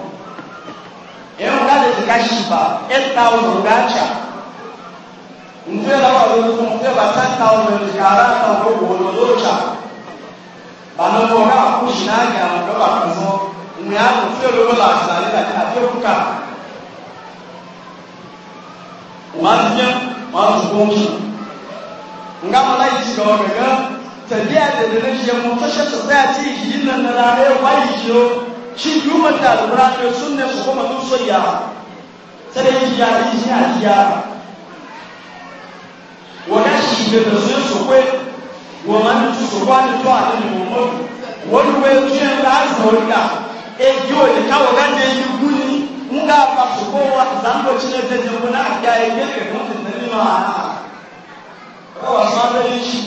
ẹ̀rọ káyọ̀ ní káṣípa eight thousand gáà ṣà. mpe na wa lolo fún mpe ba ten thousand kàrà kan kó wò ló ló tsa bàmí wò ká kó si náà nyà ló ba kàn fún nyà ló fi lolo la sa ní lati àti èkó ká wọn ti nyẹ wọn ti kó nsu nga mo la yi ti gbɔ gɛgɛ tẹbi ɛdɛdɛ ne yɛ mo tɔhyɛ sɔsɛ ati yi nanara ɛ wa yi yi o tsi yuma da lora ɛ sunne sɔgɔma tó so yà sɛdeɛ yi yà yi yi yà yi yà. wọ́n yá ṣì ṣe tẹ̀sí sọ́pẹ́ wọ́n máa ní tu sọ́pẹ́ àtúntò àti nìmọ̀ mọ́tò wọ́n ní wọ́n tún yẹn láti sọ̀rọ̀ nígbà èyí ò lè káwọ́ gájẹ́ ẹni kú ni ń gá apá sọ́pẹ́ wọn àti sáńdọ̀ tí lè tẹ̀ jẹun náà kí ayé kẹ́kẹ́ fún ti tẹ̀lé náà àná. wọ́n wá sún abẹ́lé yìí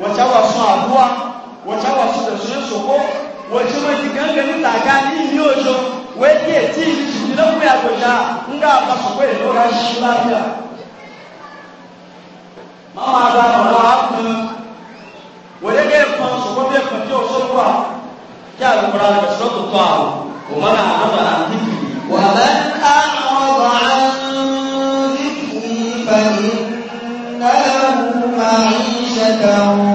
wọ́n ti wá sún àdúrà wọ́n ti wá sún tẹ̀sí sọ́pẹ́ wọ́n ti wọ́n ti gángan níta ká ní ìní òjò wọ́n ti ẹ̀ tí ìlú ti lọ́wọ́ àgbẹ̀dá ń gá apá sọ́pẹ́ ìlú máa máa da ọ̀rọ̀ àpọn wòlégé kan ṣùgbọ́n bí ẹ̀kan tí ó sọ́kọ́ à kí àlùkọ́ra rẹ̀ sọ́tò tó àwọ̀ kò mọ́ náà àbọ̀ náà ní wà á bẹ́ ká ọ̀rọ̀ àrùn ní kì í bẹ̀rù náà máa ń ṣẹ̀dá wọn.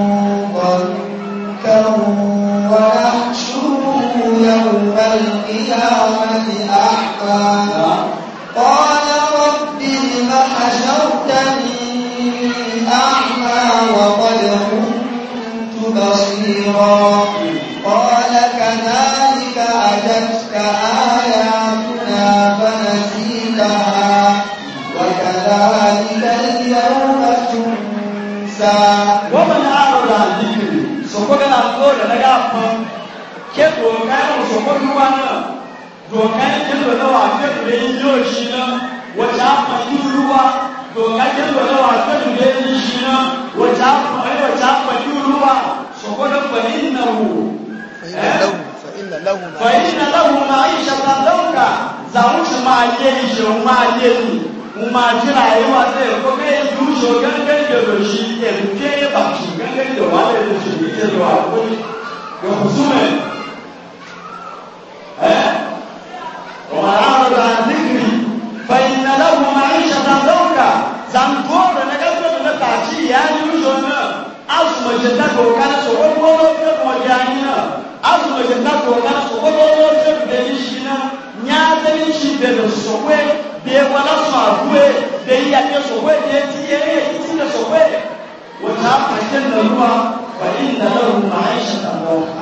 Olúwa náà dòǹkà jẹ́lò náà wà fẹ́kùnrin yóò ṣí náà wọ́n ti àpọ̀ ní Olúwa dòǹkà jẹ́lò náà wà fẹ́kùnrin yóò ṣí náà wọ́n ti àpọ̀ wọ́n ti àpọ̀ ní Olúwa sọ̀kọ́dọ̀ pẹ̀lú ìnáwó. فإن له معيشة ضنكا زعوش ما يجيش وما يجي وما جرى يوازي وكي يدوش وكان يدوشي يدوشي يبقشي كان يدوشي يدوشي يدوشي يخصومه Eh? wa arada an dhikri fa inna lahu ma'ishatan dawka zan gora na gazo na taci ya yi rujo na azuma je ta ko kana so ko ko ko ko ya ni na azuma je ta ko kana so ko ko ko ko de ni shi na ti ye ti de so we wa ta fa janna ruwa fa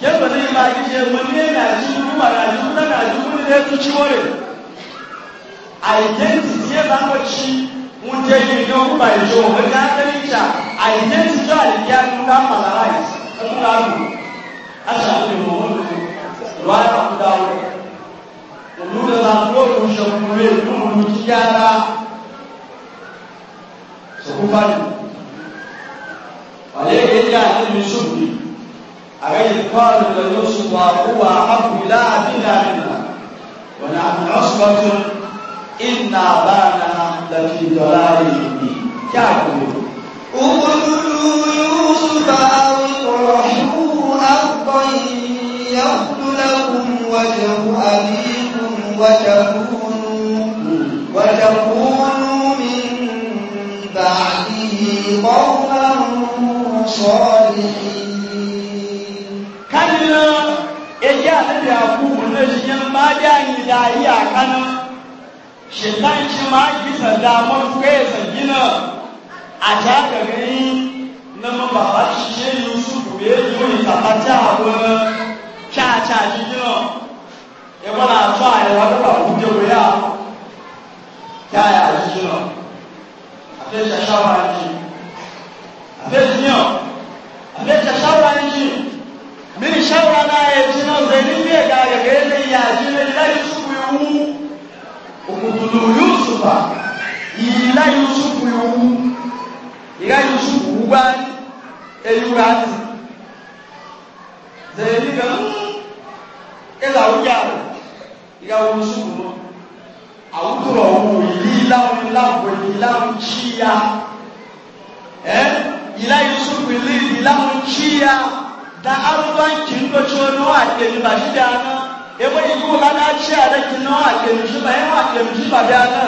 yadda zai ma ji je wani ne na ji kuma na ji kuma na ji kuma ne su ci wore identity ya zama ci mun je yi ne kuma ya jo ba ga kare ta identity ya yi ya nuna malarize kuma na mu asa ne mu mun wa ta ku dawo mun da na ko ku shamure mun mu kiyara so ku fani wale ya yi ya ni musubi أغير قال ليوسف وهو عبد لا أبينا منها ونحن عصبة إنا بانا لفي ضلال مبين كعبه اقتلوا يوسف أو اطرحوه أرضا يغد لكم وجه أبيكم وتكونوا وتكونوا من بعده قوما صالحين annabi yakubu na shi yan ma da ni da yi a kanan shaitan shi ma gisa damar kai sa gina a jaka gani na mababa shi ne yusufu ya yi wani tabbaci a wani caca shi gina ya bala zuwa ya wata ba kuje wuya ya ya shi gina a fi shashawa ji a fi jiyan a fi shashawa ji min shawara na ya ji nan zai ne ga ga ga ne ya ji ne lai su ku yu ukudulu yusufa ila yusufu yu ila yusufu uba eyu rati zai ne ga ila uya ila yusufu no awuturo owo ila ila ila chiya eh da aruban kin do chono a ke ba shi da na e ba yi ko kana ci a da kin no a ke shi ba yan a ke shi ba da na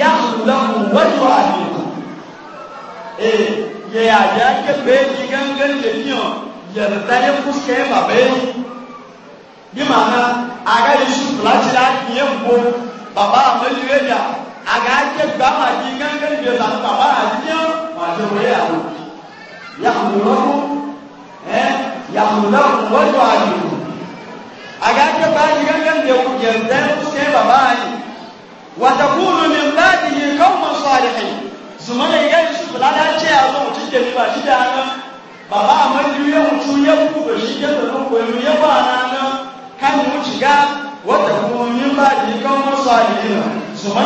ya lahu wajhu ahli e ye ya ya ke be ki gangan de niyo ya da ya fuske ba be bi mana aga yi su plati da ki yan bo baba amali re ya aga ke gba ma ki gangan de da baba a niyo ma je wo ya ya lahu eh yàmùnà wọ́jọ́ àdìgbò àgájẹ́ báyìí gẹ́gẹ́ bí ẹ̀kú jẹ̀ǹdẹ́ ṣe bàbá yìí wàtàkùnrin ní báyìí yìí kọ́mọ̀ sọ àdìgbò zùmọ́ ní ìyá yìí sùkùlá dá jẹ́ àwọn òtí jẹ̀ nípa jíjà náà bàbá àmọ́jú yẹ òtú yẹ kú pèsè jẹ́ pẹ̀lú pẹ̀lú yẹ bá àná kánú mú jìgá wàtàkùnrin ní báyìí kọ́mọ̀ sọ àdìgbò zùmọ́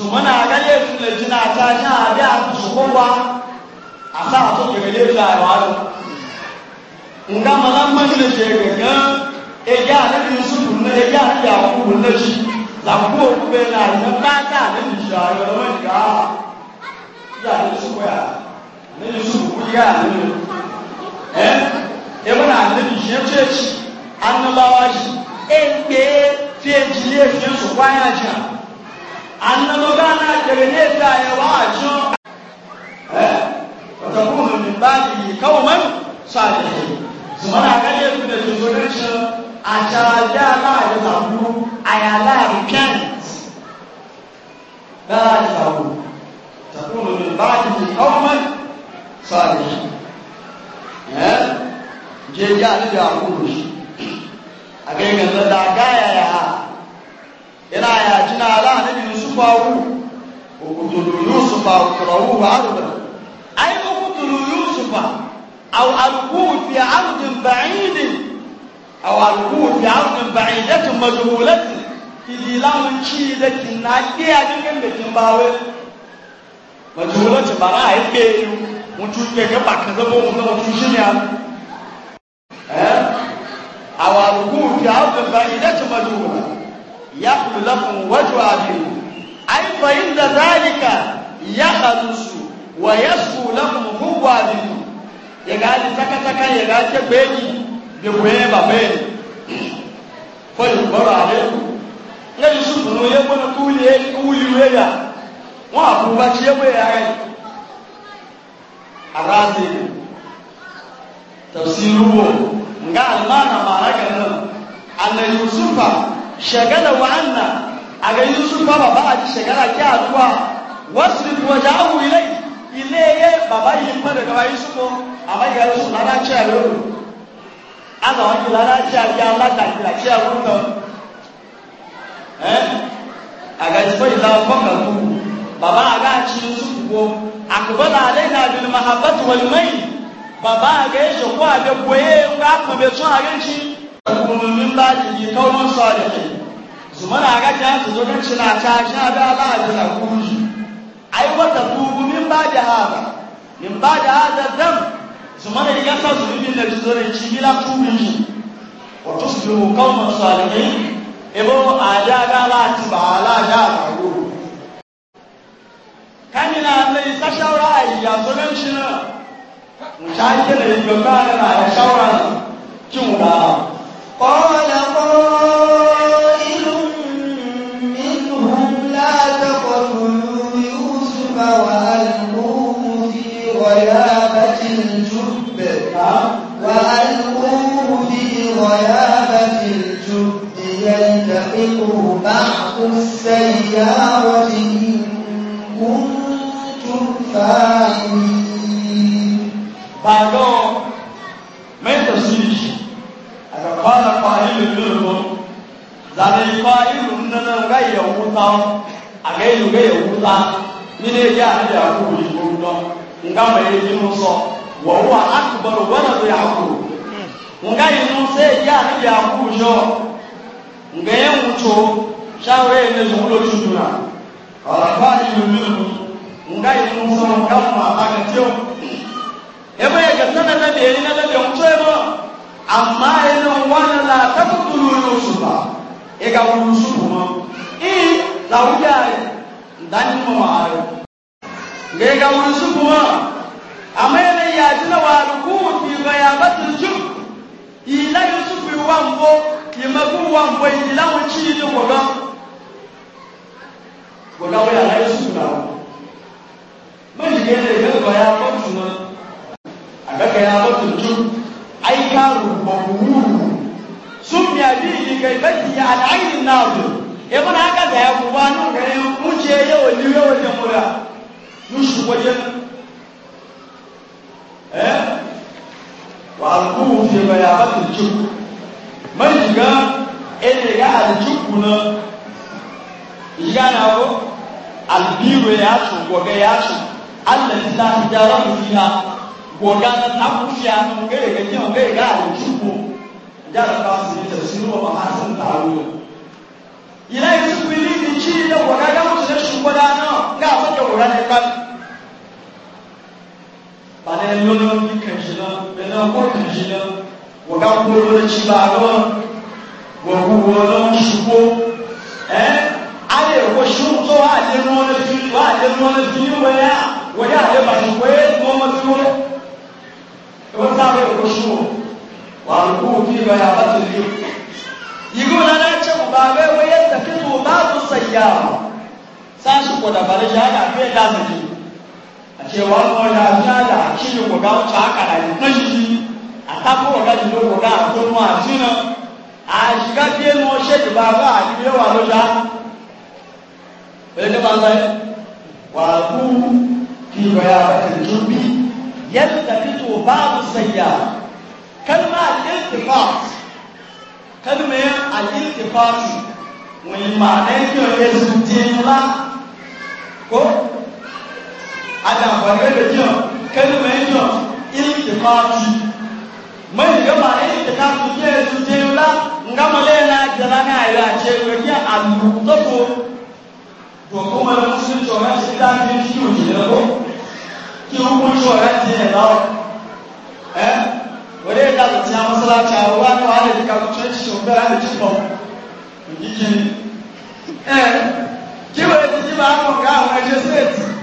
zumana ga laifin lajina ta ni a da su kowa a sa a tuka ga laifin a yawon nga malam man da ke gangan e ga na bi su kunna e ga ya ku kunna shi la ku ku be na na ba ta na ni sha yo na ga ya ni su ko ya ni su ku ya ni eh e mana ni shi ce shi annabawa shi anamagana tereneza ya wacho eh, watakuna min badi kauman salihin sumana akaliye kuna tuzoresha achaja la eh, ya zabu ayala repent la ya zabu takuna min badi kauman salihin je ya ni ya kurushi akai ganza da gaya ya yana ya jina ala ne yusufahu ukutulu yusufa ukrahu ardan ay ukutulu yusufa aw alquhu fi ardin ba'idin aw alquhu fi ardin ba'idatin majhulatin idilamun ci da kinna ke a cikin bikin bawe majhulatin bara ay ke yu mutu ke ga baka zama mun ga mutu shi ne eh aw alquhu fi ardin ba'idatin majhulatin يخلق وجه أبيه ai fa inda zalika ya khalusu wa yasu lahum huwa bikum ya gali takataka ya gace beji bi kuye ba beji fa yubaru alaikum na yusuf no ye bona kuli ye kuli ye ya wa abuba ci ye ya ai arazi tafsiru nga almana ma'ana kan nan anna yusufa shagala wa Aga yusuf bá bàbá àti ṣẹ̀gára kí àdúrà wọ́n sì fi ọjà áwù ilé ilé yẹ bàbá yìí pẹ̀lú bàbá yusuf àbáyé yusuf lára kí ẹ lóru àgbà wọn yìí lára kí àbí aládàgbà kí ẹ lóru ga àgbẹ̀ tí wọ́n yìí lára fọ́kà kú bàbá àgbà àti yusuf wo àkùbọ́lá alẹ́ náà bí zumana aga ta su zo kan cina ta sha da ala da na kuji ai wata tubu min ba da hada min ba da hada dam zumana diga sa su bin da zo ne ci bila tubin shi wa tusbihu qauman salihin ebo ada ga la ti ba ala da na ku kanina ne sa shawara ya zo kan cina mutake ne ga ba na shawara kin da qala qala غيابة الجب وألقوه في غيابة الجب يلتقطه بعض السيارة إن كنتم فاعلين بعدهم ما يتصيش أنا قال قائل منهم زاد قائل أننا غير وطن أغير غير وطن من يجعل يقول يقول nga mai yi muso wa huwa akbar walad yaqub nga yi muso ya ni yaqub yo nga ya mucho shawre ne zulo tuduna ala fa'ilu minhu nga yi muso kan ma aka tiyo ebe ya gasana na da yi na da mucho ebo amma ina wala la taqtulu yusufa e ga yusufu ma i lawuja dan mu ma'aru ga wurin kuma amma yana yaji na waruku fi bayabatul jum ila yusufu wambo imagu wambo ila wuci ni goga goga wala na yusufu na mun ji ne ga bayabatul jum aga ga bayabatul jum ai ka rubo sun ya bi ni kai baki ya al'ayin nazu ibn haka da ya kuba nun gare mu ce yau ni yau ne mura يشرب وجهك ها وألقوه في بيابات الجب من جاء إذا جاء الجب هنا جاء نعو البير يعشق وجاء يعشق الذي لا تجارة فيها وجاء نعو فيها وجاء جاء وجاء جاء الجب جاء القاسم يتسير ومحاسن تعالوا إلى يسوي لي تشيل وجاء جاء مسجد شبرانا نعم تقول هذا bana lolo ni kanjilo bana ko kanjilo waga kolo na chibaro wagu wolo shuko eh ale wo shuko ale no na fi wa ale no na fi waya waya ale ba shuko e no ma fi waya wa sabe ko shuko wa ku fi ba ya ba ti yigo na na che ko ba be waya ta ki ba tu sayya sa shuko da bare ja na fe da zaki cewa mọ́lá yára kí ni kò gá ọ̀tọ̀ àkàrà ìpín yìí àtàkùn a jùlọ kò gá àtọ́nú àtúnà àṣìká a ẹnu ọṣẹ́ ìjọba bá àdìbẹ́ wà lọ́jà ẹni bá lẹ́ wà kú kí ìrọ̀yà ètò bí yẹn tàbí tó bá ń sẹ̀yà kẹ́lùmá àdìlẹ́tìfàt kẹ́lùmá àdìlẹ́tìfàt wọ́n yìí mà ní ẹ̀yọ́ ẹ̀sùn dín ńlá kó adamfani da jiya kalmar jiya iltikati mai gama iltikati ke su je la ngama le na jara na ira ce ko ya almutaqo to kuma da musulun jora shi da ne shi ko je ko ki hukun jora je la eh wale da ta ta masallaci a wa ko ala da ka ce shi ko da ala ci ko ni eh ki wale ji ba ko ga wa je sai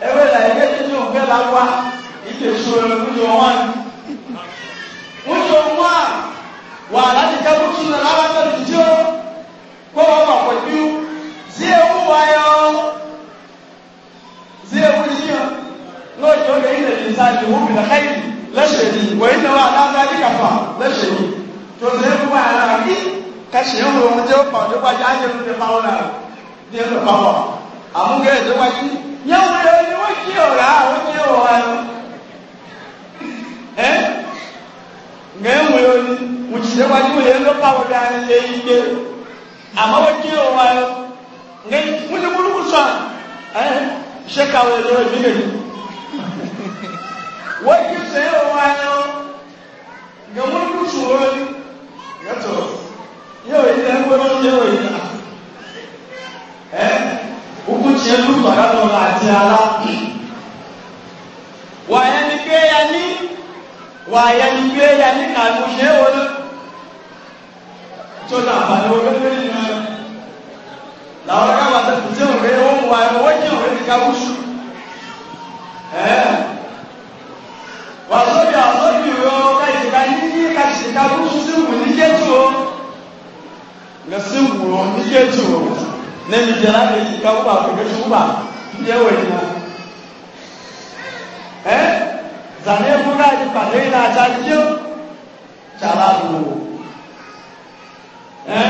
ewe la eke titi oge la wa ike su eme wani kutu wa wa alati kabu tu na laba tali titi ko wa ma ko biu zie wu wa yo zie wu ji yo no jo ge ile ti sa ji wu na kai lẹsẹ yi wọ ina wa ala ala yika fa lẹsẹ yi to se wu wa ala yi kasi yi wo je o pa o je pa je a je de pa o la de mo pa o amu ge je pa yi yẹ́wò rẹ̀ ni wọ́n kí ọ̀rá àwọn kí wa lọ. ẹ́ ǹgẹ́ ń wẹ̀ ọ́ni òṣìṣẹ́ wa ní wòlé lọ́pọ̀ àwọn ọ̀dà ilé ilé àmọ́ wọ́n kí ọ̀rọ̀ wa lọ. ǹgẹ́ múlùmúlù sọ ẹ́ ṣé kàwé lọ́rọ̀ ìbílẹ̀ ni. wọ́n kí sẹ́yìn ọ̀rọ̀ wa lọ. ǹgẹ́ múlùmúlù sọ wọ́n ni. yẹ́tọ̀ yẹ́wò ilé ń hukunci ya lupa kama unajala wayanipea ni wayanipea ni kalushe wona chota bado wengine ni la waka watatuje wengine wao wote wengine kabushu eh wazobi azobi yo kai kanini kashi kabushu simu niketo ngasimu niketo ne mi jara de yi ka wuba keke suba ye wo e? yi na ɛ zane mu ka yi pate yi na ta e? yi o tsara do ɛ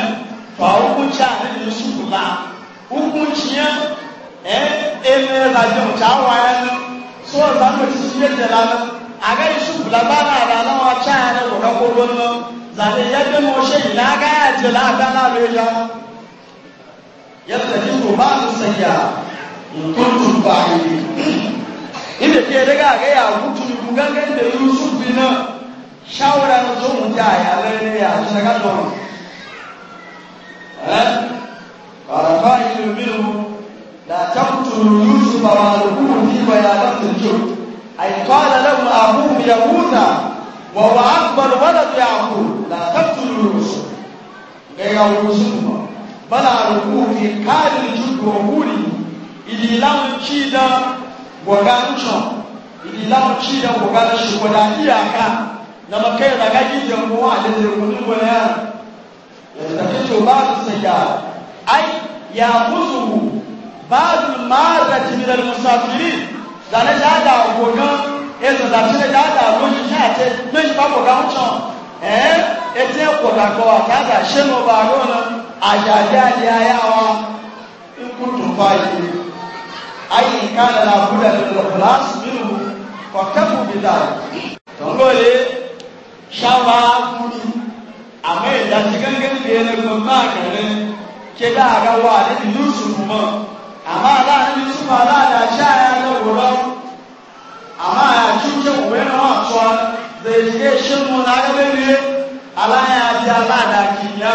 tɔ awo tsa ne ni suku la ukun tiɲɛ ɛ eme la jɛ o tsa wa yɛ no so zanu ti yɛ tɛ la no a yi suku la ba na yɛrɛ na wa tsa yɛrɛ o ka ko do no zane yɛ bɛ mo se yi na a yɛ tɛ la a ka na lo yi la yastajibu ba'du sayya in kuntum fa'ilin inda ke daga ga ya gutu ku gangan da Yusuf bin shawara na zo mu da ya lalle ya su daga don eh qala qa'ilun minhu la taqtulu Yusuf wa alquhu fi bayanat al-jub ay qala lahum abuhu yahuda wa huwa akbar walad yaqub la taqtulu Yusuf ga ya Yusuf bala ruku fi kari ju gomuri ili lamu ci da goga nucin ili lamu ci da goga da shi goda iyaka na makai da gaji da kowa da zai kudu wani yara da ta ai ya musu eh, ba su mara jimilar musafiri da na jada gogan ètò ìdàsílẹ̀ dáadáa lójú ní àti méjì bá kò gáwọn tán ẹ́ etí ẹ̀kọ́ dàgbọ́ àtàdà àjàjáde ayáwa ikutu fàyè ayé ìkànnì làbúdà lọ kíláàsì nínú kọ̀kẹ́kù bìtà tọ́lọ́lé ṣáwá kúrú àmọ́ ìdájí gángan bí ẹni gbọ́n máa kẹ̀lé ṣé dáadáa wà níbi yusuf mọ́ àmọ́ aláàánú yusuf aláàdá ṣááyá lọ́wọ́lọ́ àmọ́ àyàtúnṣe òwe náà sọ the education mọ́ lágbẹ́lẹ́ aláyàjá aláàdá kìíyá.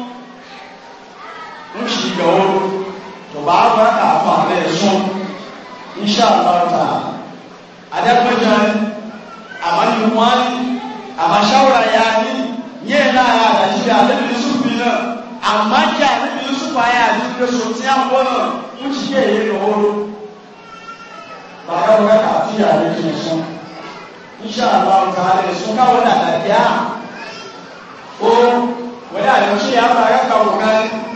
gawo to ba ba ka fa da yaso insha Allah ta adabajan amali wani amma shawara ya ni ye na ya da shi da da Yusuf ne amma ki a da Yusuf ya ji da so ti an gona mun ci ke yi gawo ba ga ga ka ti ya ne ki so insha Allah ta da so ka wala da ya o wala da shi ya ba ga ka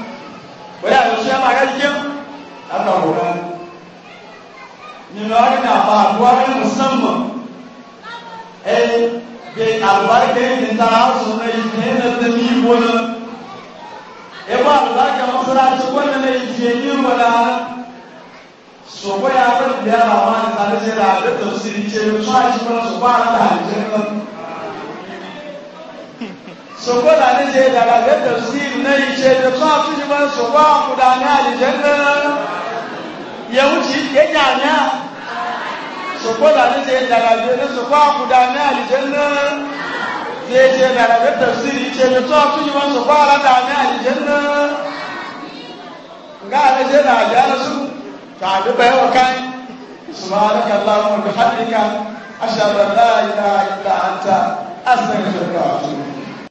bóyá àtúnṣe ẹ̀ máa ká jíjẹun láti àwọn ọ̀gá nínú ọdún náà bá àbúrò ní musamman ẹ bẹ àlùbáríkà yìí ní tara ọ̀sùn náà yìí ní ẹ̀ tẹ̀ ní ìwọ náà ẹ bá àlùbáríkà mọ́sálásí wọ́n náà yìí jẹ́ ní ìwọ náà sọ̀kọ́ yà á fẹ́ bìí àlàmọ́ àti àdéṣe rà àdé tòṣìlì jẹ́ ní tó àjẹmọ́ sọ̀kọ́ àlàmọ́ àdéṣe rà soko na ne je daga ga tafsiri na yi ce da ba su ji ban so ba ku da ne aljanna ya wuce ya nyanya soko na ne je daga ga ne so ba ku da ne aljanna ne je daga ga tafsiri ce da ba su ji ban so ba la da ne aljanna ga ne je da ga su ta da bai wa kai سبحانك اللهم وبحمدك أشهد أن لا إله إلا أنت أستغفرك وأتوب إليك